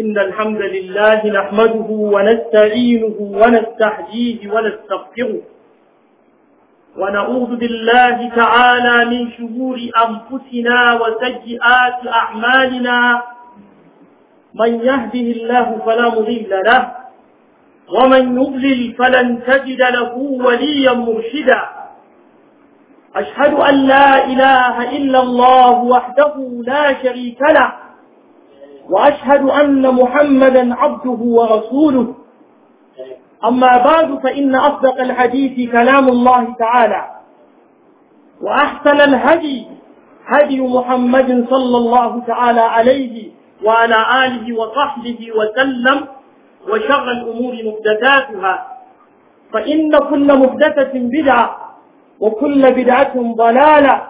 إن الحمد لله نحمده ونستعينه ونستحييه ونستغفره ونعوذ بالله تعالى من شرور أنفسنا وسيئات أعمالنا من يهده الله فلا مضل له ومن يضلل فلن تجد له وليا مرشدا أشهد أن لا إله إلا الله وحده لا شريك له وأشهد أن محمدا عبده ورسوله أما بعد فإن أصدق الحديث كلام الله تعالى وأحسن الهدي هدي محمد صلى الله تعالى عليه وعلى آله وصحبه وسلم وشر الأمور محدثاتها فإن كل محدثة بدعة وكل بدعة ضلالة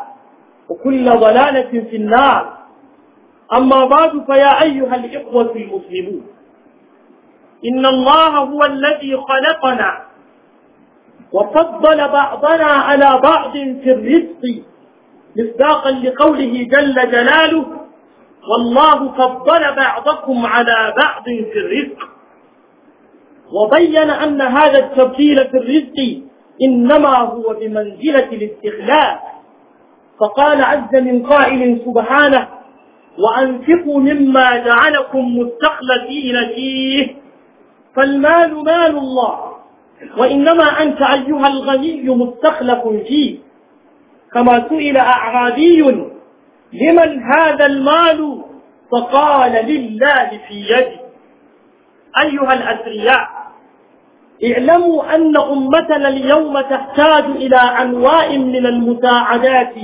وكل ضلالة في النار أما بعد فيا أيها الإخوة المسلمون إن الله هو الذي خلقنا وفضل بعضنا على بعض في الرزق مصداقا لقوله جل جلاله والله فضل بعضكم على بعض في الرزق وبين أن هذا التبديل في الرزق إنما هو بمنزلة الاستخلاف فقال عز من قائل سبحانه وأنفقوا مما جعلكم مستخلفين فيه فالمال مال الله وإنما أنت أيها الغني مستخلف فيه كما سئل أعرابي لمن هذا المال فقال لله في يدي أيها الأثرياء اعلموا أن أمتنا اليوم تحتاج إلى أنواع من المساعدات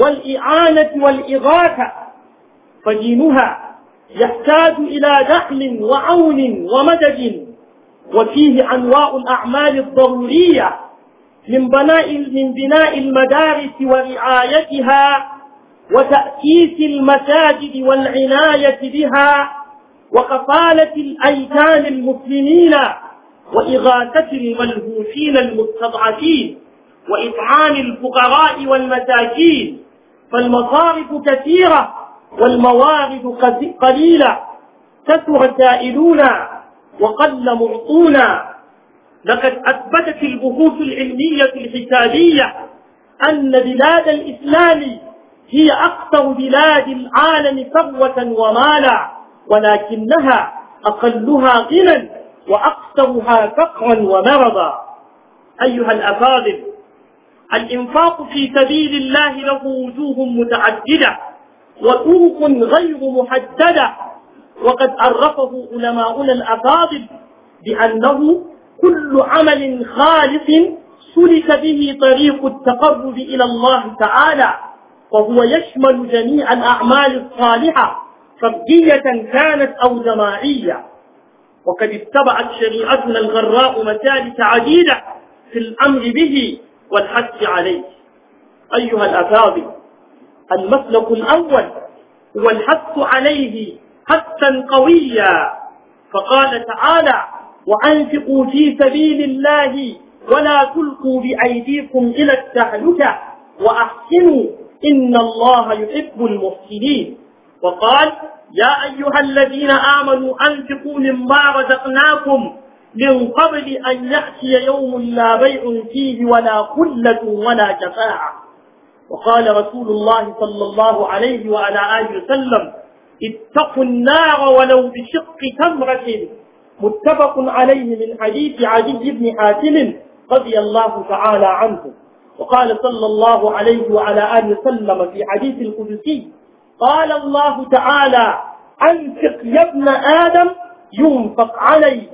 والإعانة والإغاثة فدينها يحتاج إلى دخل وعون ومدد وفيه أنواع الأعمال الضرورية من بناء من بناء المدارس ورعايتها وتأسيس المساجد والعناية بها وكفالة الأيتام المسلمين وإغاثة الملهوفين المستضعفين وإطعام الفقراء والمساكين فالمصارف كثيرة والموارد قليلة كثر سائلونا وقل معطونا لقد أثبتت البحوث العلمية الحسابية أن بلاد الإسلام هي أكثر بلاد العالم ثروة ومالا ولكنها أقلها غنى وأكثرها فقرا ومرضا أيها الأفاضل الإنفاق في سبيل الله له وجوه متعددة وطرق غير محددة وقد عرفه علماؤنا الأفاضل بأنه كل عمل خالص سلك به طريق التقرب إلى الله تعالى وهو يشمل جميع الأعمال الصالحة فردية كانت أو جماعية وقد اتبعت شريعتنا الغراء مسالك عديدة في الأمر به والحث عليه أيها الأفاضل المسلك الأول هو الحق عليه حقا قويا فقال تعالى وأنفقوا في سبيل الله ولا تلقوا بأيديكم إلى التهلكة وأحسنوا إن الله يحب المحسنين وقال يا أيها الذين آمنوا أنفقوا مما رزقناكم من قبل أن يأتي يوم لا بيع فيه ولا خلة ولا جفاعة وقال رسول الله صلى الله عليه وعلى آله وسلم اتقوا النار ولو بشق تمرة متفق عليه من حديث عدي بن حاتم رضي الله تعالى عنه وقال صلى الله عليه وعلى آله وسلم في حديث القدسي قال الله تعالى أنفق يا ابن آدم ينفق عليه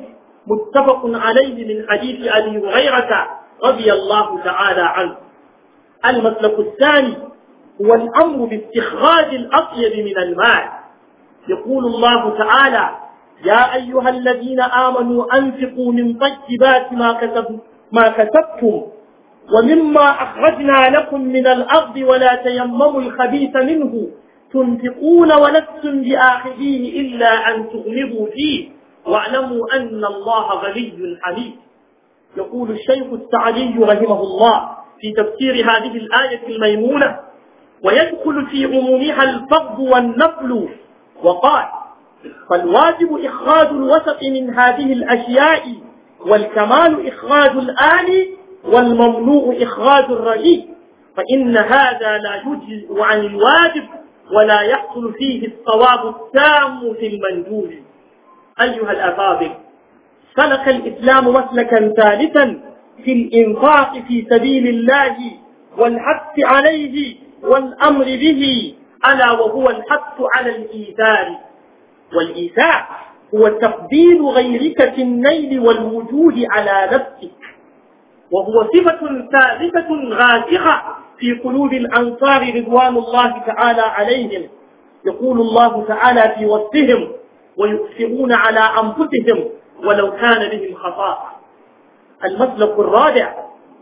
متفق عليه من حديث أبي هريرة رضي الله تعالى عنه المسلك الثاني هو الأمر باستخراج الأطيب من الماء يقول الله تعالى يا أيها الذين آمنوا أنفقوا من طيبات ما, كسب ما كسبتم ومما أخرجنا لكم من الأرض ولا تيمموا الخبيث منه تنفقون ولستم بآخذيه إلا أن تغلبوا فيه واعلموا أن الله غني حميد يقول الشيخ السعدي رحمه الله في تفسير هذه الآية الميمونة ويدخل في عمومها الفض والنفل وقال فالواجب إخراج الوسط من هذه الأشياء والكمال إخراج الآل والممنوع إخراج الرديء فإن هذا لا يجزئ عن الواجب ولا يحصل فيه الصواب التام في المندوب أيها الأفاضل سلك الإسلام مسلكا ثالثا في الإنفاق في سبيل الله والحث عليه والأمر به ألا وهو الحث على الإيثار والإيثار هو تقدير غيرك في النيل والوجود على نفسك وهو صفة ثابتة غازقة في قلوب الأنصار رضوان الله تعالى عليهم يقول الله تعالى في وصفهم ويؤثرون على أنفسهم ولو كان بهم خطأ المسلك الرابع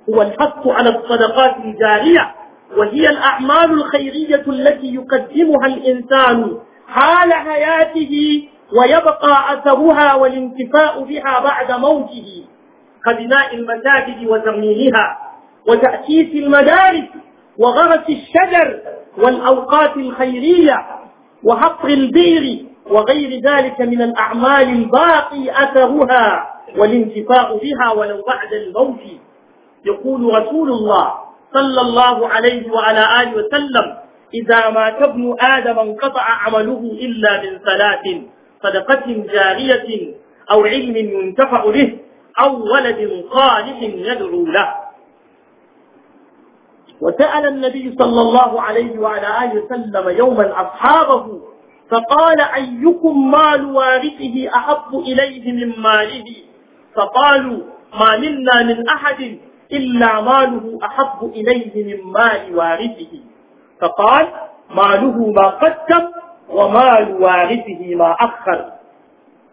هو الحث على الصدقات الجارية وهي الأعمال الخيرية التي يقدمها الإنسان حال حياته ويبقى أثرها والانتفاء بها بعد موته كبناء المساجد وترميمها وتأسيس المدارس وغرس الشجر والأوقات الخيرية وحفر البئر وغير ذلك من الأعمال الباقي أثرها والانتفاع بها ولو بعد الموت يقول رسول الله صلى الله عليه وعلى آله وسلم إذا مات ابن آدم انقطع عمله إلا من صلاة صدقة جارية أو علم ينتفع به أو ولد صالح يدعو له وسأل النبي صلى الله عليه وعلى آله وسلم يوما أصحابه فقال أيكم مال وارثه أحب إليه من ماله فقالوا ما منا من أحد إلا ماله أحب إليه من مال وارثه فقال ماله ما قدم ومال وارثه ما أخر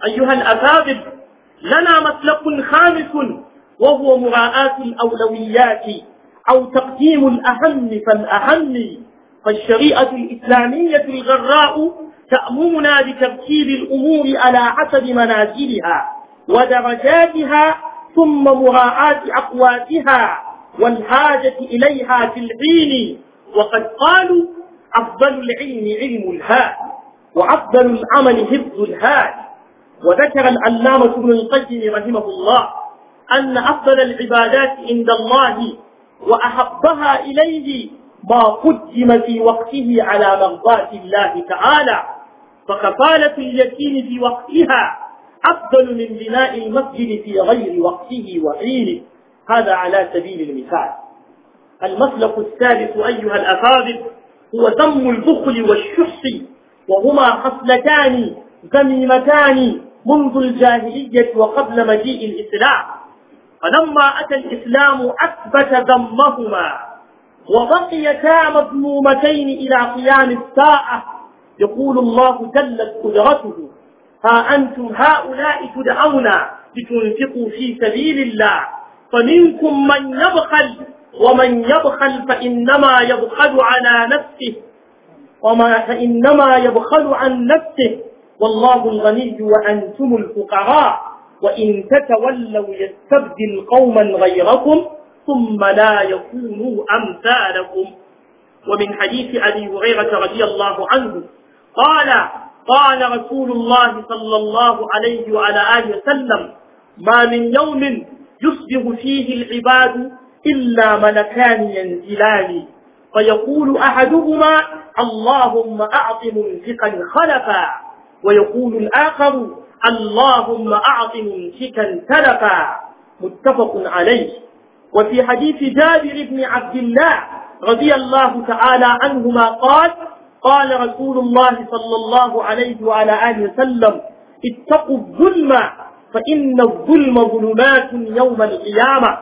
أيها الأكابر لنا مسلك خامس وهو مراعاة الأولويات أو تقديم الأهم فالأهم فالشريعة الإسلامية الغراء تأمرنا بترتيب الأمور على حسب منازلها ودرجاتها ثم مراعاة أقواتها والحاجة إليها في العين وقد قالوا أفضل العلم علم الهاد وأفضل العمل حفظ الهاد وذكر العلامة ابن القيم رحمه الله أن أفضل العبادات عند الله وأحبها إليه ما قدم في وقته على مرضاة الله تعالى فكفالة اليتيم في وقتها أفضل من بناء المسجد في غير وقته وحينه هذا على سبيل المثال المسلك الثالث أيها الأفاضل هو ذم البخل والشح وهما خصلتان ذميمتان منذ الجاهلية وقبل مجيء الإسلام فلما أتى الإسلام أثبت ذمهما وبقيتا مذمومتين إلى قيام الساعة يقول الله جلت قدرته ها أنتم هؤلاء تدعون لتنفقوا في سبيل الله فمنكم من يبخل ومن يبخل فإنما يبخل على نفسه وما فإنما يبخل عن نفسه والله الغني وأنتم الفقراء وإن تتولوا يستبدل قوما غيركم ثم لا يكونوا أمثالكم ومن حديث أبي هريرة رضي الله عنه قال قال رسول الله صلى الله عليه وعلى آله وسلم ما من يوم يصبح فيه العباد إلا ملكان ينزلان فيقول أحدهما اللهم أعط منفقا خلفا ويقول الآخر اللهم أعط منفقا تلفا متفق عليه وفي حديث جابر بن عبد الله رضي الله تعالى عنهما قال قال رسول الله صلى الله عليه وعلى آله وسلم اتقوا الظلم فإن الظلم ظلمات يوم القيامة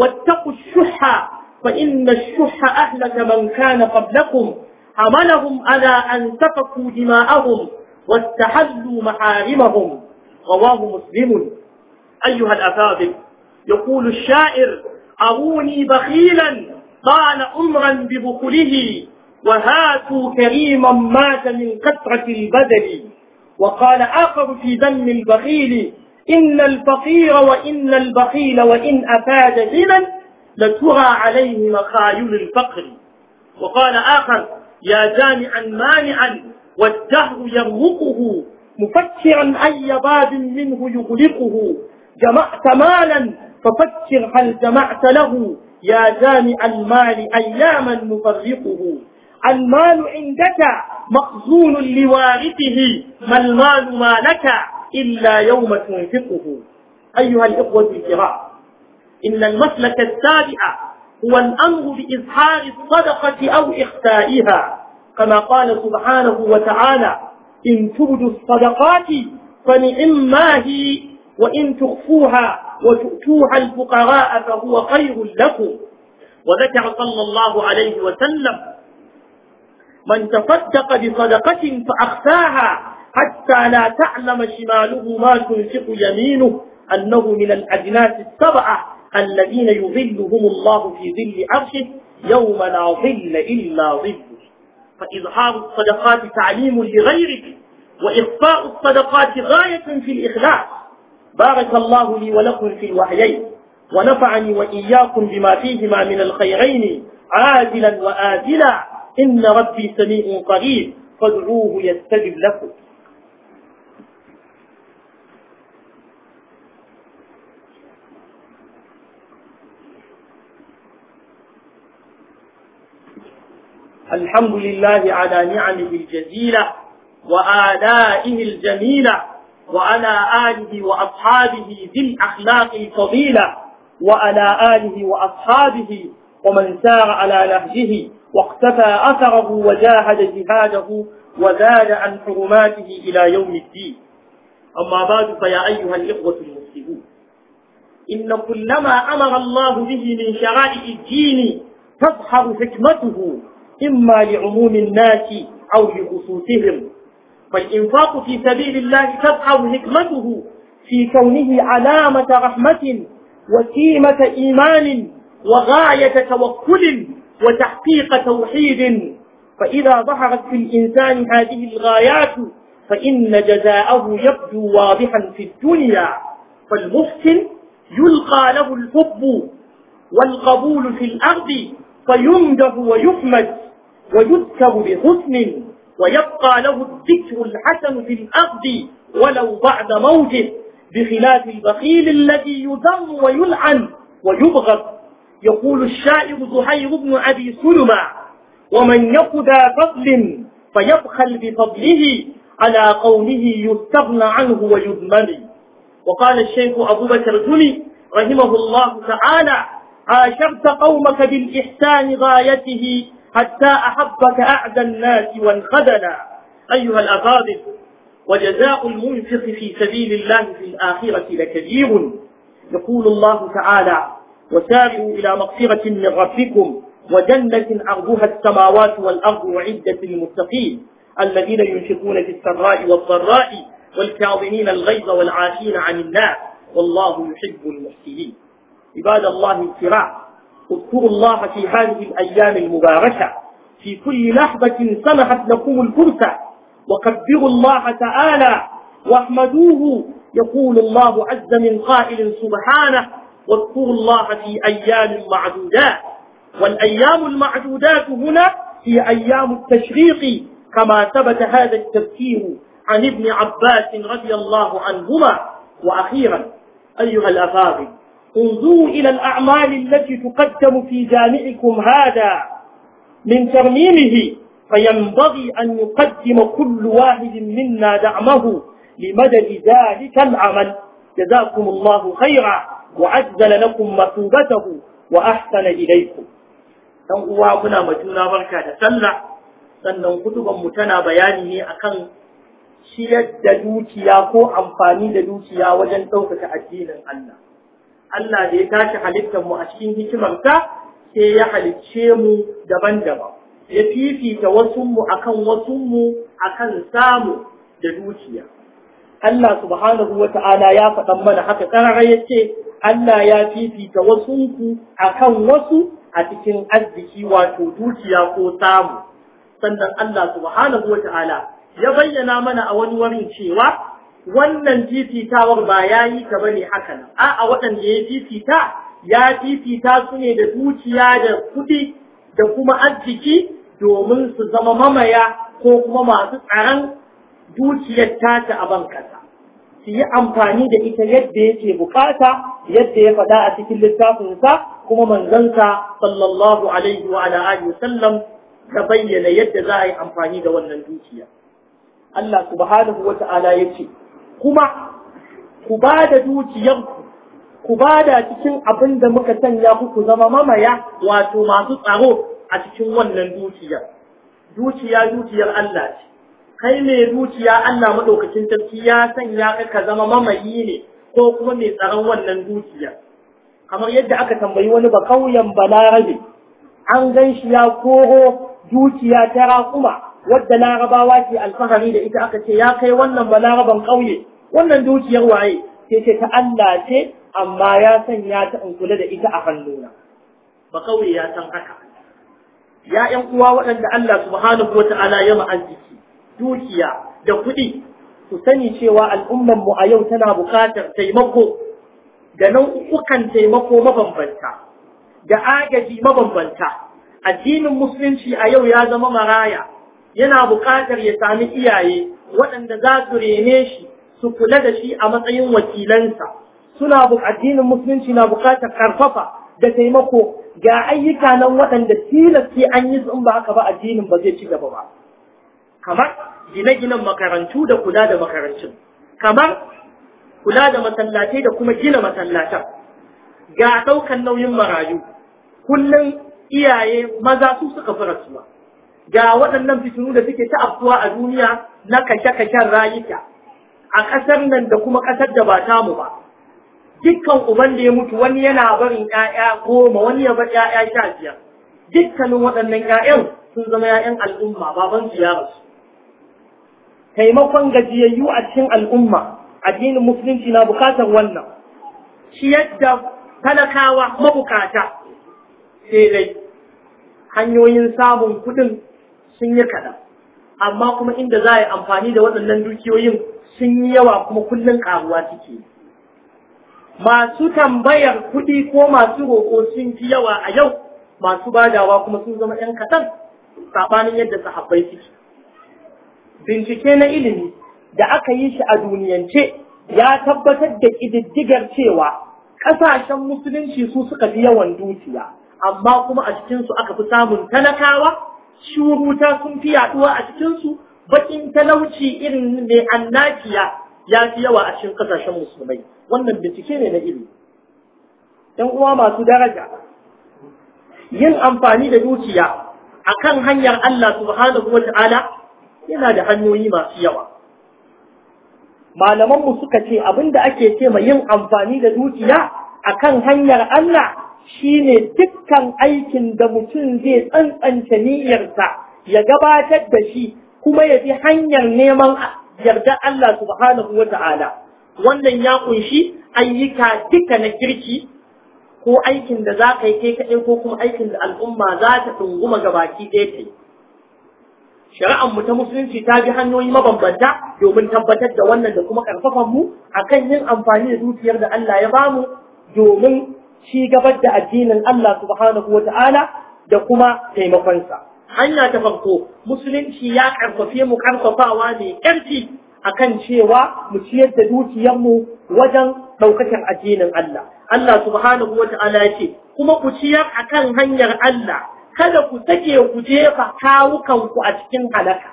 واتقوا الشح فإن الشح أهلك من كان قبلكم حملهم على أن سفكوا دماءهم واستحلوا محارمهم رواه مسلم أيها الأفاضل يقول الشاعر أروني بخيلا طال عمرا ببخله وهاتوا كريما مات من قطعة البدل وقال آخر في ذم البخيل إن الفقير وإن البخيل وإن أفاد غنى لترى عليه مخايل الفقر وقال آخر يا جامعا مانعا والدهر يغرقه مفكرا أي باب منه يغلقه جمعت مالا ففكر هل جمعت له يا جامع المال أياما نفرقه المال عندك مخزون لوارثه ما المال ما لك إلا يوم تنفقه أيها الإخوة الكرام إن المسلك السابع هو الأمر بإظهار الصدقة أو إخفائها كما قال سبحانه وتعالى إن تبدوا الصدقات فنعما هي وإن تخفوها وتؤتوها الفقراء فهو خير لكم وذكر صلى الله عليه وسلم من تصدق بصدقة فأخفاها حتى لا تعلم شماله ما تنفق يمينه أنه من الأجناس السبعة الذين يظلهم الله في ظل عرشه يوم لا ظل إلا ظله فإظهار الصدقات تعليم لغيرك وإخفاء الصدقات غاية في الإخلاص بارك الله لي ولكم في الوحيين ونفعني وإياكم بما فيهما من الخيرين عادلا وآدلا إن ربي سميع قريب فادعوه يستجب لكم الحمد لله على نعمه الجزيلة وآلائه الجميلة وعلى آله وأصحابه ذي الأخلاق الفضيلة وعلى آله وأصحابه ومن سار على نهجه واقتفى أثره وجاهد جهاده وزاد عن حرماته إلى يوم الدين أما بعد فيا أيها الإخوة المسلمون إن كل ما أمر الله به من شرائع الدين تظهر حكمته إما لعموم الناس أو لخصوصهم فالإنفاق في سبيل الله تظهر حكمته في كونه علامة رحمة وسيمة إيمان وغاية توكل وتحقيق توحيد فإذا ظهرت في الإنسان هذه الغايات فإن جزاءه يبدو واضحا في الدنيا فالمحسن يلقى له الحب والقبول في الأرض فيمده ويحمد ويذكر بحسن ويبقى له الذكر الحسن في الأرض ولو بعد موته بخلاف البخيل الذي يذم ويلعن ويبغض يقول الشاعر زهير بن أبي سلمى ومن يقدى فضل فيبخل بفضله على قومه يستغنى عنه ويذمن وقال الشيخ أبو بكر الجلي رحمه الله تعالى عاشرت قومك بالإحسان غايته حتى أحبك أعدى الناس وانخذلا أيها الأفاضل وجزاء المنفق في سبيل الله في الآخرة لكبير يقول الله تعالى وسارعوا إلى مغفرة من ربكم وجنة أرضها السماوات والأرض وعدة للمتقين الذين ينفقون في السراء والضراء والكاظمين الغيظ والعافين عن الناس والله يحب المحسنين عباد الله الكراء اذكروا الله في هذه الأيام المباركة في كل لحظة سمحت لكم الفرصة وكبروا الله تعالى واحمدوه يقول الله عز من قائل سبحانه واذكروا الله في أيام معدودات والأيام المعدودات هنا هي أيام التشريق كما ثبت هذا التذكير عن ابن عباس رضي الله عنهما وأخيرا أيها الأفاضل انظروا إلى الأعمال التي تقدم في جامعكم هذا من ترميمه فينبغي أن يقدم كل واحد منا دعمه لمدد ذلك العمل جزاكم الله خيرا وعجل لكم مثوبته واحسن اليكم dan uwa kuna ma juna barka da sallah sannan kutuban mu tana bayani ne akan ciyar da dukiya ko amfani da dukiya wajen ɗaukaka addinin Allah Allah da ya tashi halittar mu a cikin hikimarsa sai ya halicce mu daban-daban ya fifita wasunmu akan mu akan samu da dukiya Allah subhanahu wa ta'ala ya faɗan mana haka ƙarara ya ce Allah ya fifita wasunku a kan wasu a cikin arziki wato dukiya ko samu sannan Allah subhanahu wa ta'ala ya bayyana mana a wani wurin cewa wannan fifitawar ba ya yi ta bane haka nan a'a waɗanda ya fifita ya fifita su ne da dukiya da kuɗi da kuma arziki domin su zama mamaya ko kuma masu tsaron dukiyar tata a bankasa su yi amfani da ita yadda yake bukata yadda ya faɗa a cikin littafinsa kuma manzansa sallallahu alaihi wa ala sallam ka bayyana yadda za a yi amfani da wannan dukiya Allah subhanahu wa ta'ala ce. kuma ku ba da dukiyarku, ku ba da cikin abin da muka sanya ku zama mamaya wato masu tsaro a cikin wannan dukiyar dukiya dukiyar Allah ce kai mai dukiya Allah madaukakin sarki ya sanya ka ka zama mamayi ne ko kuma mai tsaron wannan dukiya kamar yadda aka tambayi wani ba kauyen balarabe an gan shi ya koro dukiya ta raƙuma wadda larabawa ke alfahari da ita aka ce ya kai wannan balaraban ƙauye wannan dukiyar waye sai ce ta Allah ce amma ya sanya ta in kula da ita a hannuna ba ƙauye ya san haka ya ƴan uwa waɗanda Allah subhanahu ta'ala ya ma'azziki dukiya da kuɗi ku sani cewa al'ummar mu a yau tana buƙatar taimako da nau'ukan taimako mabambanta da agaji mabambanta addinin musulunci a yau ya zama maraya yana buƙatar ya sami iyaye waɗanda za su reme shi su kula da shi a matsayin wakilansa suna addinin musulunci na buƙatar ƙarfafa da taimako ga ayyuka nan waɗanda tilasti an yi su in ba haka ba addinin ba zai ci gaba ba kamar gine-ginen makarantu da kula da makarantun kamar kula da masallatai da kuma gina masallatan ga ɗaukan nauyin marayu kullum iyaye maza su suka fi rasuwa ga waɗannan fitinu da suke ta afkuwa a duniya na kashe-kashen rayuka a ƙasar nan da kuma ƙasar da ba tamu ba dukkan uban da ya mutu wani yana barin ƴaƴa goma wani ya bar ƴaƴa sha biyar dukkanin waɗannan 'ya'yan sun zama 'ya'yan al'umma baban su ya rasu taimakon gajiyayyu a cikin al'umma addinin musulunci na bukatar wannan shi yadda talakawa mabukata sai dai hanyoyin samun kuɗin sun yi kaɗan amma kuma inda za a yi amfani da waɗannan dukiyoyin sun yi yawa kuma kullum ƙaruwa suke masu tambayar kuɗi ko masu roƙo sun fi yawa a yau masu badawa kuma sun zama ‘yan kaɗan saɓanin yadda sahabbai suke bincike na ilimi da aka yi shi a duniyance ya tabbatar da ƙididdigar cewa ƙasashen musulunci su suka fi yawan dukiya amma kuma a cikinsu aka fi samun talakawa shuruta sun fi yaɗuwa a cikinsu baƙin talauci irin mai annakiya ya fi yawa a cikin ƙasashen musulmai wannan bincike ne na ilimi ‘yan uwa masu daraja yin amfani da dukiya akan hanyar Allah subhanahu yana da hanyoyi masu yawa malamanmu suka ce abinda ake ce ma yin amfani da dukiya a kan hanyar Allah shi ne dukkan aikin da mutum zai tsantsance niyyarsa ya gabatar da shi kuma ya bi hanyar neman yarda Allah subhanahu wa ta'ala wannan ya kunshi ayyuka duka na kirki ko aikin da za ka yi kai kaɗai ko kuma aikin da al'umma za ta ɗunguma gabaki ɗaya ta shari'ar mu ta musulunci ta bi hanyoyi mabambanta domin tabbatar da wannan da kuma karfafan mu akan yin amfani da dukiyar da Allah ya bamu domin ci gabar da addinin Allah subhanahu wata'ala da kuma taimakon sa hanya ta farko musulunci ya karfafe mu karfafawa mai karfi akan cewa mu ciyar da dukiyar mu wajen daukakar addinin Allah Allah subhanahu wata'ala ya ce kuma ku ciyar akan hanyar Allah kada ku sake ku jefa kawukanku a cikin halaka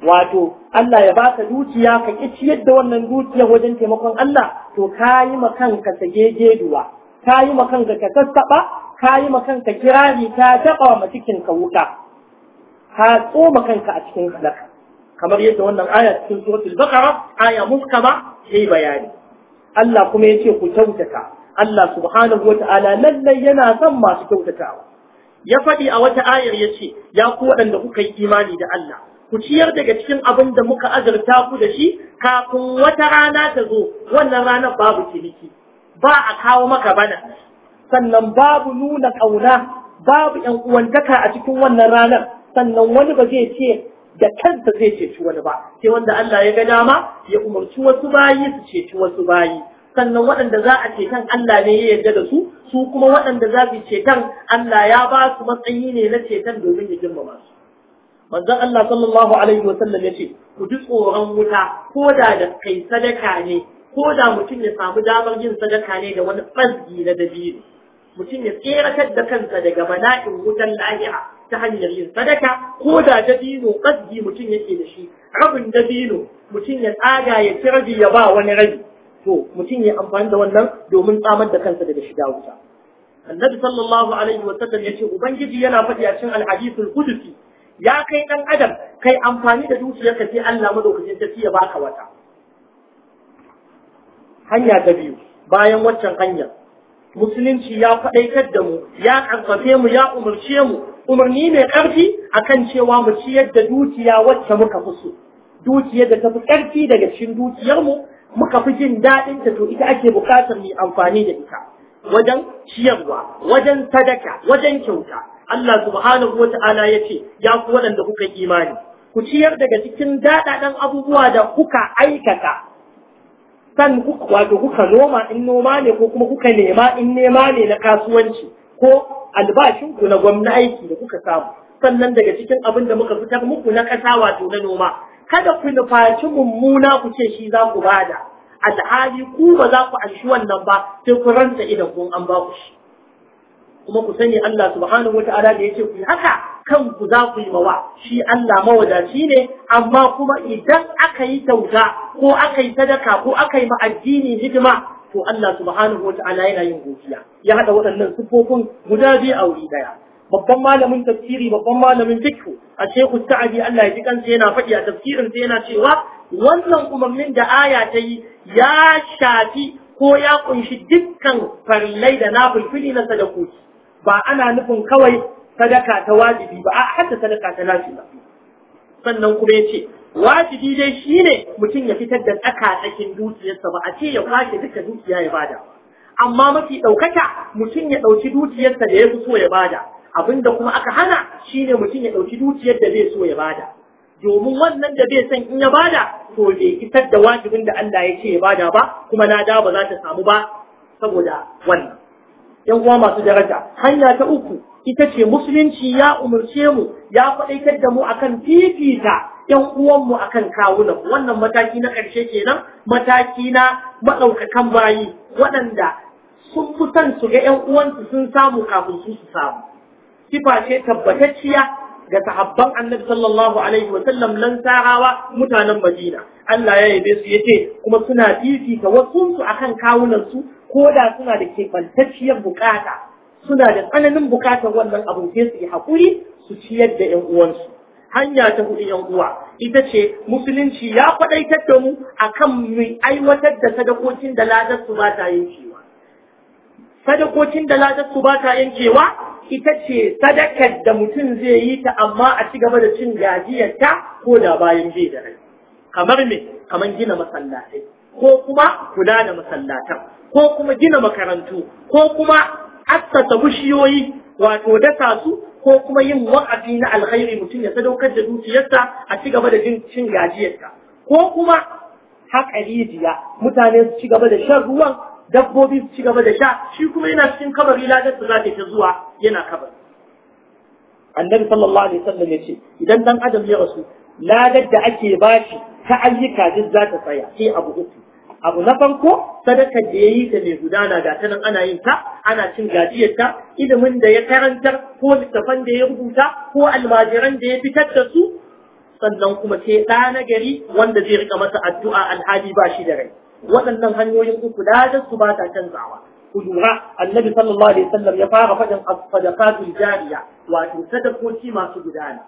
wato Allah ya baka dukiya ka ki ciyar da wannan dukiya wajen taimakon Allah to kayi ma kanka sagegeduwa kayi ma kanka ka sassaba kayi ma kanka kirari ta taba ma cikin ka wuta ka tsoma kanka a cikin halaka kamar yadda wannan aya cikin suratul baqara aya muskaba sai bayani Allah kuma yace ku kyautata Allah subhanahu wataala lallai yana son masu kyautatawa ya faɗi a wata ayar ya ce ya ku waɗanda kuka yi imani da Allah ku ciyar daga cikin abin da muka azurta ku da shi kafin wata rana ta zo wannan ranar babu ciniki ba a kawo maka bana sannan babu nuna ƙauna babu ‘yan uwantaka a cikin wannan ranar sannan wani ba zai ce da kansa zai ceci wani ba sai wanda Allah ya ga dama ya umarci wasu bayi su ceci wasu bayi sannan waɗanda za a ceton Allah ne ya yarda da su su kuma waɗanda za su ceton Allah ya ba su matsayi ne na ceton domin ya girmama su manzon Allah sallallahu alaihi wa sallam yace ku ji tsoron wuta ko da da kai sadaka ne ko da mutum ya samu damar yin sadaka ne da wani tsazgi na dabino mutum ya tseratar da kansa daga bala'in wutan lahira ta hanyar yin sadaka ko da dabino ƙasgi mutum yake da shi rabin dabino mutum ya tsaga ya ci rabi ya ba wani rabi to mutum ya amfani da wannan domin tsamar da kansa daga shiga wuta annabi sallallahu alaihi wa sallam yace ubangiji yana faɗi a cikin alhadithul qudsi ya kai dan adam kai amfani da dukiyarka sai Allah madaukakin sarki ya baka wata hanya ta biyu bayan waccan hanya musulunci ya faɗaitar da mu ya ƙarfafe mu ya umarce mu umarni mai ƙarfi akan cewa mu ciyar da dukiya wacce muka fi so dukiyar da ta fi ƙarfi daga cikin dukiyarmu muka fi jin daɗin ta to ita ake buƙatar mu amfani da ita wajen ciyarwa wajen sadaka wajen kyauta Allah subhanahu wata'ala ya ce ya ku waɗanda kuka imani ku ciyar daga cikin daɗaɗen abubuwa da kuka aikata san wato kuka noma in noma ne ko kuma kuka nema in nema ne na kasuwanci ko albashinku na gwamna aiki da kuka samu sannan daga cikin abin da muka fitar muku na ƙasa wato na noma kada ku nufaci mummuna ku ce shi za ku bada alhali ku ba za ku anshi wannan ba sai ku ranta idan kun an ba ku shi kuma ku sani Allah subhanahu wata'ala da yace ku yi haka kan ku za ku yi mawa shi Allah mawadaci ne amma kuma idan aka yi kyauta ko aka yi sadaka ko aka yi ma addini hidima to Allah subhanahu wata'ala yana yin godiya ya hada waɗannan sifofin guda biyu a wuri daya babban malamin tafsiri babban malamin fikhu a shehu sa'adi Allah ya ji kansa yana faɗi a tafsirin sa yana cewa wannan umarnin da aya ta yi ya shafi ko ya kunshi dukkan farillai da na fulfili na sadakoki ba ana nufin kawai sadaka ta wajibi ba a ta sadaka ta lafiya sannan kuma ya ce wajibi dai shine mutum ya fitar da tsaka tsakin dukiyarsa ba a ce ya kwashe duka dukiya ya bada amma mafi ɗaukaka mutum ya ɗauki dukiyarsa da ya fi so ya bada abinda kuma aka hana shi ne mutum ya ɗauki dukiyar da zai so ya bada domin wannan da zai san in ya bada to bai isar da wajibin da Allah ya ce ya bada ba kuma da ba za ta samu ba saboda wannan yan uwa masu daraja hanya ta uku ita ce musulunci ya umarce mu ya faɗaitar da mu akan fifita yan uwan mu akan kawuna. wannan mataki na ƙarshe kenan mataki na maɗaukakan bayi waɗanda sun fi su ga yan uwansu sun samu kafin su su samu sifa ce tabbatacciya ga sahabban annabi sallallahu alaihi wa sallam nan sarawa mutanen Madina Allah ya yabe su yace kuma suna fifita wasu su akan kawunan su ko da suna da kebantacciyar bukata suna da tsananin bukatar wannan abin sai su yi hakuri su ciyar da ƴan uwansu hanya ta hudu ƴan uwa ita ce musulunci ya faɗaitar da mu akan mu aiwatar da sadakokin da ladar su ba ta yin shi sadakokin da ladarsu ba ta yankewa ita ce sadakar da mutum zai yi ta amma a ci gaba da cin gajiyarta ko da bayan bai da rai kamar me kamar gina masallatai ko kuma kula da masallatan ko kuma gina makarantu ko kuma assasa bishiyoyi wato dasa su ko kuma yin wa'azi na alkhairi mutum ya sadaukar da dukiyarsa a ci gaba da cin gajiyarta ko kuma haƙa rijiya mutane su ci gaba da shan ruwan dabbobi su ci gaba da sha shi kuma yana cikin kabari ladar da za ta zuwa yana kabari annabi sallallahu alaihi wasallam yace idan dan adam ya rasu ladar da ake bashi ta ayyuka duk za ta tsaya sai abu uku abu na farko sadakar da ya yi ta mai gudana ga ta nan ana yin ta ana cin gajiyar ta ilimin da ya karantar ko littafan da ya rubuta ko almajiran da ya fitar da su sannan kuma sai ɗa na gari wanda zai rika masa addu'a alhali ba shi da rai waɗannan hanyoyin uku ladar su ba ta canzawa ku lura annabi sallallahu alaihi wasallam ya fara faɗin as-sadaqatul jariya wato sadakoki masu gudana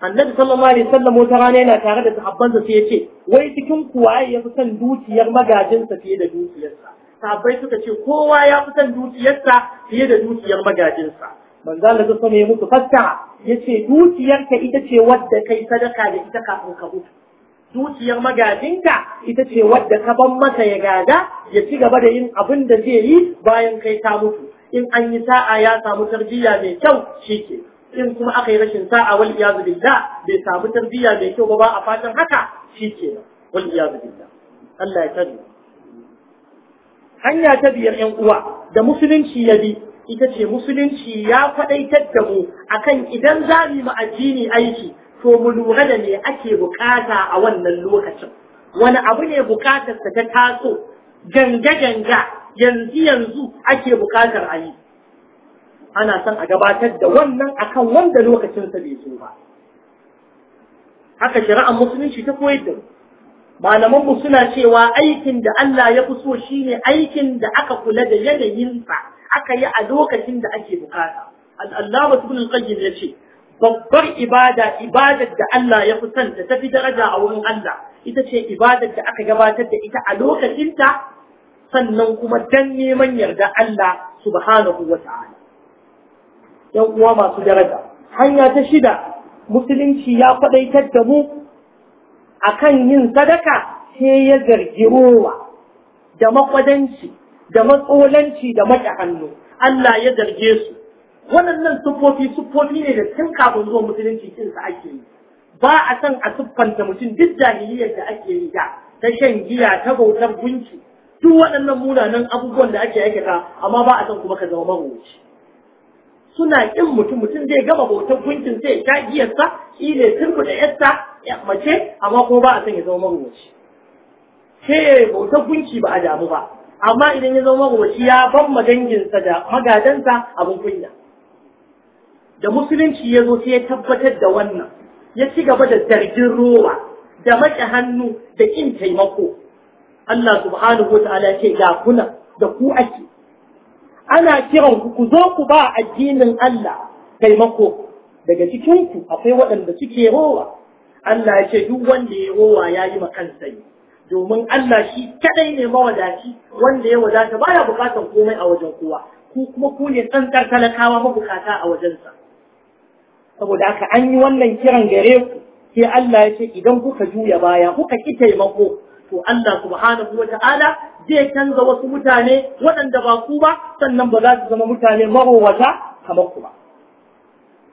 annabi sallallahu alaihi wasallam wata rana yana tare da sahabbansa sai ya ce wai cikin kuwa ya fi son dukiyar magajinsa fiye da dukiyarsa sahabbai suka ce kowa ya fi son dukiyarsa fiye da dukiyar magajinsa manzo Allah ya ya mutu fassara yace dukiyarka ita ce wadda kai sadaka da ita kafin ka mutu dukiyar magajinka ita ce wadda ka ban masa ya gada ya ci gaba da yin abin da zai yi bayan kai ta mutu in an yi sa'a ya samu tarbiyya mai kyau shike in kuma aka yi rashin sa'a wal iyazu billah bai samu tarbiyya mai kyau ba a fatan haka shike wal iyazu billah Allah ya tabi hanya ta biyar yan uwa da musulunci ya bi ita ce musulunci ya faɗaitar da mu akan idan za mu addini aiki to mu lura da me ake bukata a wannan lokacin wani abu ne bukatar ta taso ganga ganga yanzu yanzu ake bukatar a yi ana son a gabatar da wannan akan wanda lokacin sa bai zo ba haka shari'ar musulunci ta koyar da malaman mu suna cewa aikin da Allah ya fi so shine aikin da aka kula da yanayin sa aka yi a lokacin da ake bukata al-Allah ibn al-Qayyim yace babbar ibada ibadar da Allah ya fi son ta fi daraja a wurin Allah ita ce ibadar da aka gabatar da ita a lokacinta sannan kuma dan neman yarda Allah subhanahu wa ta'ala yan uwa masu daraja hanya ta shida musulunci ya faɗaitar da mu akan yin sadaka sai ya zargi rowa da makwadanci da matsolanci da maƙa hannu Allah ya zarge su waɗannan siffofi siffofi ne da tun kafin zuwa musulunci kin sa ake yi ba a san a siffanta mutum duk jahiliyar da ake yi da ta shan giya ta bautar gunki duk waɗannan munanan abubuwan da ake aikata amma ba a san kuma ka zama mahauci suna kin mutum mutum zai gama bautar gunkin sai ya giyarsa ile turbuda yarsa mace amma kuma ba a san ya zama mahauci sai bautar gunki ba a damu ba amma idan ya zama mahauci ya ban danginsa da magadansa abin kunya da musulunci ya zo sai ya tabbatar da wannan ya ci gaba da zargin rowa da maƙe hannu da ƙin taimako Allah subhanahu wa ta'ala ce ga kuna da ku ake ana kiran ku zo ku ba addinin Allah taimako daga cikin ku akwai waɗanda suke rowa Allah ya ce duk wanda ya rowa ya yi ma sai domin Allah shi kadai ne mawadaci wanda ya wadata baya bukatan komai a wajen kowa ku kuma ku ne tsantsar talakawa mabukata a wajensa saboda haka an yi wannan kiran gare ku sai Allah ya ce idan kuka juya baya kuka ki taimako to Allah subhanahu wa ta'ala zai canza wasu mutane waɗanda ba ku ba sannan ba za su zama mutane marowata kamar ku ba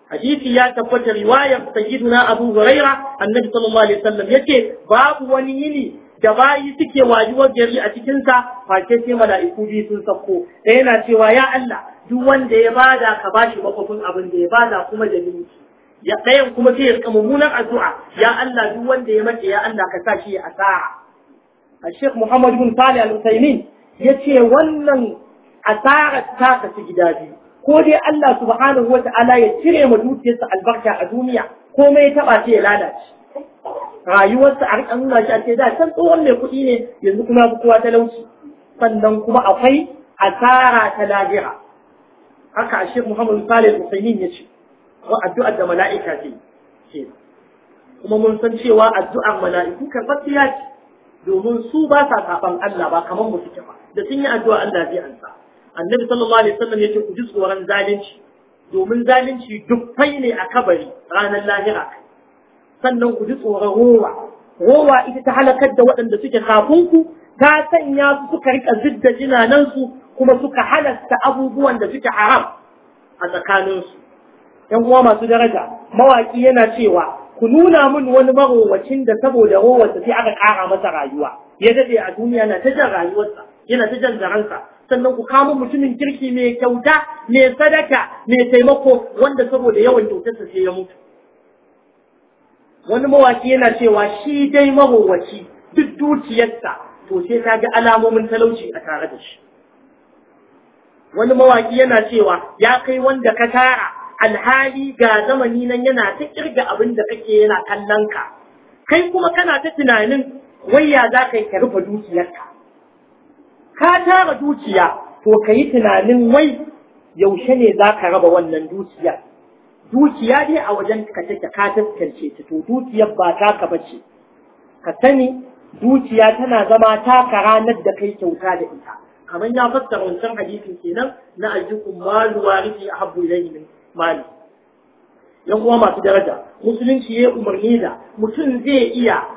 hadisi ya tabbata riwayar sayyiduna Abu Huraira annabi sallallahu alaihi wasallam yace babu wani yini da bayi suke wajibar gari a cikinsa face sai mala'iku biyu sun sauko da yana cewa ya Allah duk wanda ya bada ka bashi makwafin abin da ya bada kuma da minki ya ɗayan kuma sai ya rika mummunan addu'a ya Allah duk wanda ya mace ya Allah ka sa shi ya a Sheikh Muhammad bin Salih Al-Utsaimin ya ce wannan asarar ta kasu gida biyu ko dai Allah subhanahu wa ya cire ma dukiyarsa albarka a duniya komai ya taɓa ce ya lalace rayuwarsa a nuna shi a ce da can tsohon mai kuɗi ne yanzu kuma fi kowa talauci sannan kuma akwai asara ta lahira haka a shek muhammad salih usaimin ya ce wa addu'ar da mala'ika ce ce kuma mun san cewa addu'ar mala'iku ya ce domin su ba sa saɓan Allah ba kamar mu suke ba da sun yi addu'a Allah zai ansa annabi sallallahu alaihi wasallam ce ku ji tsoron zalunci domin zalunci duk fai ne a kabari ranar lahira sannan ku ji tsoron rowa rowa ita ta halakar da waɗanda suke kafin ku ta sanya su suka rika zidda jinanansu kuma suka halasta abubuwan da suke haram a tsakaninsu yan uwa masu daraja mawaki yana cewa ku nuna min wani marowacin da saboda rowarsa sai aka ƙara masa rayuwa ya daɗe a duniya na ta jan rayuwarsa yana ta jan zaransa sannan ku kamo mutumin kirki mai kyauta mai sadaka mai taimako wanda saboda yawan kyautarsa sai ya mutu wani mawaki yana cewa shi dai mahowaci duk dukiyarsa to sai na ga alamomin talauci a tare da shi wani mawaki yana cewa ya kai wanda ka tara alhali ga zamani nan yana ta kirga abin da kake yana kallon ka kai kuma kana ta tunanin wayya za ka yi ka rufe dukiyarka ka tara dukiya to ka yi tunanin wai yaushe ne za ka raba wannan dukiyar dukiya ne a wajen ka take ka taskance ta to dukiyar ba taka bace ka sani dukiya tana zama taka ranar da kai kyauta da ita kamar ya fassara wancan hadisin kenan na ayyukum malu a ahabbu ilayhi min mali yan uwa masu daraja musulunci ya umarni da mutum zai iya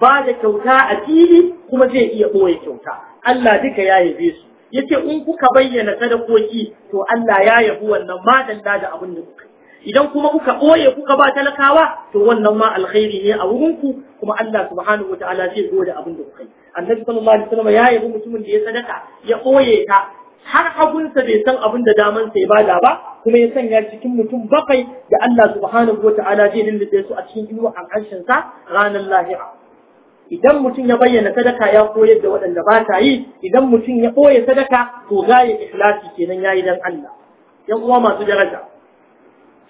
ba da kyauta a fili kuma zai iya ɓoye kyauta Allah duka ya yabe su yace in kuka bayyana sadakoki to Allah ya yabi wannan madalla da abin da kuka idan kuma kuka boye kuka ba talakawa to wannan ma alkhairi ne a wurinku, kuma Allah subhanahu wataala zai zo da abin da kuka yi annabi sallallahu alaihi wasallam ya yabi mutumin da ya sadaka ya boye ta har hagunsa bai san abin da daman sa ya bada ba kuma ya sanya cikin mutum bakwai da Allah subhanahu wataala zai lullube su a cikin inuwa a ƙarshen sa ranar lahira idan mutum ya bayyana sadaka ya koyar da waɗanda ba ta yi idan mutum ya ɓoye sadaka to gaya ikhlasi kenan yayi dan Allah yan uwa masu daraja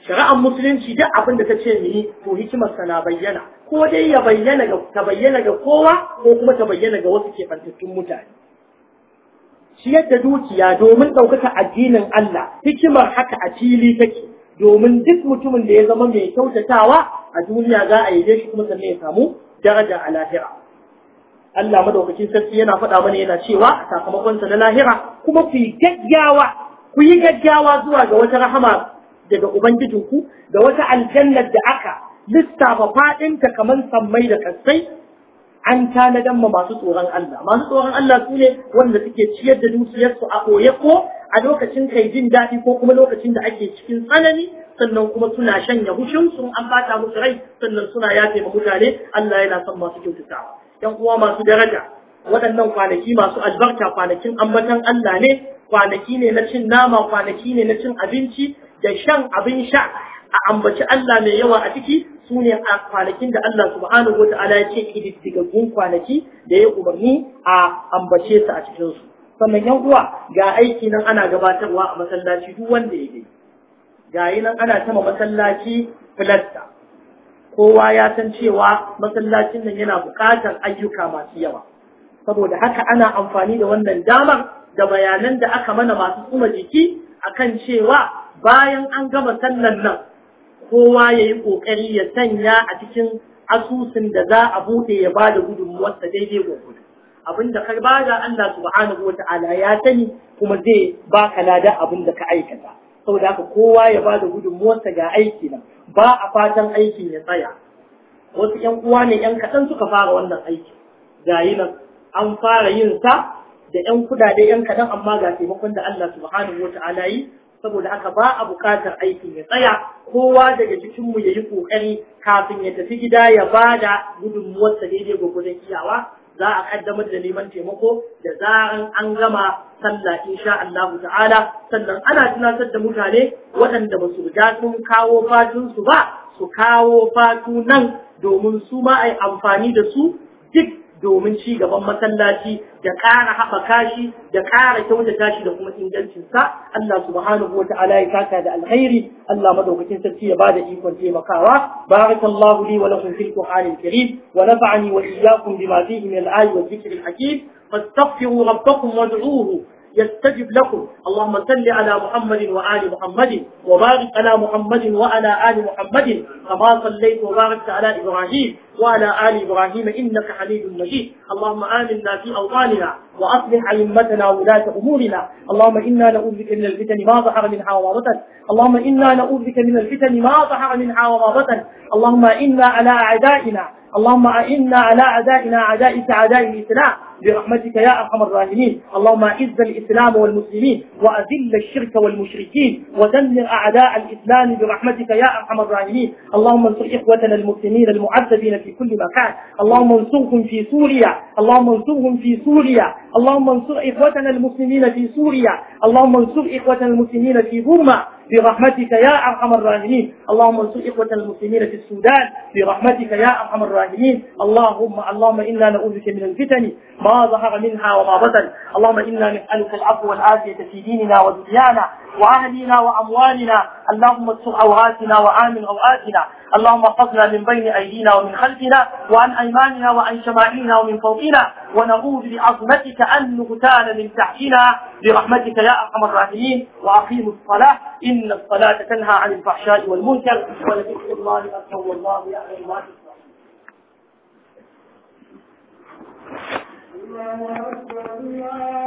shari'ar musulunci duk abin da ta ce ni to hikimar sa na bayyana ko dai ya bayyana ga ta bayyana ga kowa ko kuma ta bayyana ga wasu kefantattun mutane shi da dukiya domin ɗaukaka addinin Allah hikimar haka a fili take domin duk mutumin da ya zama mai kyautatawa a duniya za a yi shi kuma sannan ya samu daraja a lahira Allah madaukakin sarki yana faɗa mana yana cewa sakamakon sa na lahira kuma ku yi gaggawa ku yi gaggawa zuwa ga wata rahama daga ubangijinku da wata aljannar da aka lissafa faɗinta kamar sammai da kassai, an tanadan ma masu tsoron Allah masu tsoron Allah su ne wanda suke ciyar da dukiyarsu a koye ko a lokacin kai jin daɗi ko kuma lokacin da ake cikin tsanani sannan kuma suna shanya hushin sun an bata musu rai sannan suna yafe ma mutane Allah yana son masu kyautata yan uwa masu daraja waɗannan kwanaki masu albarka kwanakin ambatan Allah ne kwanaki ne na cin nama kwanaki ne na cin abinci da shan abin sha a ambaci Allah mai yawa a ciki su ne a kwanakin da Allah subhanahu wa ta'ala ya ce kididdigaggun kwanaki da ya umarni a ambace su a cikinsu. sannan yan uwa ga aiki nan ana gabatarwa a masallaci duk wanda ya gani yi nan ana sama masallaci filasta kowa ya san cewa masallacin nan yana buƙatar ayyuka masu yawa saboda haka ana amfani da wannan damar da bayanan da aka mana masu kuma jiki akan cewa bayan an gama sannan nan kowa ya yi ƙoƙari ya sanya a cikin asusun da za a buɗe ya ba da gudunmuwarsa daidai gwagwado abinda ka bada Allah subhanahu wata'ala ya sani kuma zai baka lada abin da ka aikata saboda haka kowa ya bada gudunmuwarsa ga aiki nan ba a fatan aikin ya tsaya wasu ƴan uwa ne ƴan kaɗan suka fara wannan aiki ga yi nan an fara yin sa da 'yan kuɗaɗe 'yan kaɗan amma ga taimakon da Allah subhanahu wata'ala yi saboda aka ba a bukatar aikin ya tsaya kowa daga cikinmu ya yi ƙoƙari kafin ya tafi gida ya ba da gudunmuwarsa daidai gwagwadon iyawa za a kaddamar da neman taimako da zaran an gama sallah insha Allah ta'ala sannan ana tunatar da mutane waɗanda ba su riga sun kawo fatun su ba su kawo fatu nan domin su ma a amfani da su duk domin ci gaban masallaci da ƙara haɓaka shi da ƙara kyautata shi da kuma ingancinsa Allah subhanahu wa ta'ala ya saka da alkhairi Allah madaukakin sarki ya bada ikon taimakawa barakallahu li wa lakum fil qur'anil karim wa nafa'ani wa iyyakum bima fihi min al-ayati wa dhikril hakim fastaghfiru rabbakum wad'uhu يستجب لكم اللهم صل على محمد وآل محمد وبارك على محمد وعلى آل محمد كما صليت وباركت على إبراهيم وعلى آل إبراهيم إنك حميد مجيد اللهم آمنا في أوطاننا وأصلح أئمتنا وولاة أمورنا اللهم إنا نعوذ بك من الفتن ما ظهر منها وما بطن اللهم إنا نعوذ بك من الفتن ما ظهر منها وما بطن اللهم إنا على أعدائنا اللهم أئنا على أعدائنا أعدائك أعداء الإسلام برحمتك يا أرحم الراحمين اللهم أعز الإسلام والمسلمين وأذل الشرك والمشركين ودمر أعداء الإسلام برحمتك يا أرحم الراحمين اللهم انصر إخوتنا المسلمين المعذبين في كل مكان اللهم انصرهم في سوريا اللهم انصرهم في سوريا اللهم انصر إخوتنا المسلمين في سوريا اللهم انصر إخوتنا المسلمين في بورما برحمتك يا أرحم الراحمين اللهم انصر إخوة المسلمين في السودان برحمتك يا أرحم الراحمين اللهم اللهم إنا نعوذ بك من الفتن ما ظهر منها وما بطن اللهم إنا نسألك العفو والعافية في ديننا ودنيانا وأهلنا وأموالنا اللهم استر عوراتنا وآمن روآتنا اللهم احفظنا من بين أيدينا ومن خلفنا وعن أيماننا وعن شمائلنا ومن فوقنا ونعوذ بعظمتك أن نغتال من تحتنا برحمتك يا أرحم الراحمين وأقيموا الصلاة إن الصلاة تنهى عن الفحشاء والمنكر ولذكر الله أكبر والله يعلم ما تصنعون الله أكبر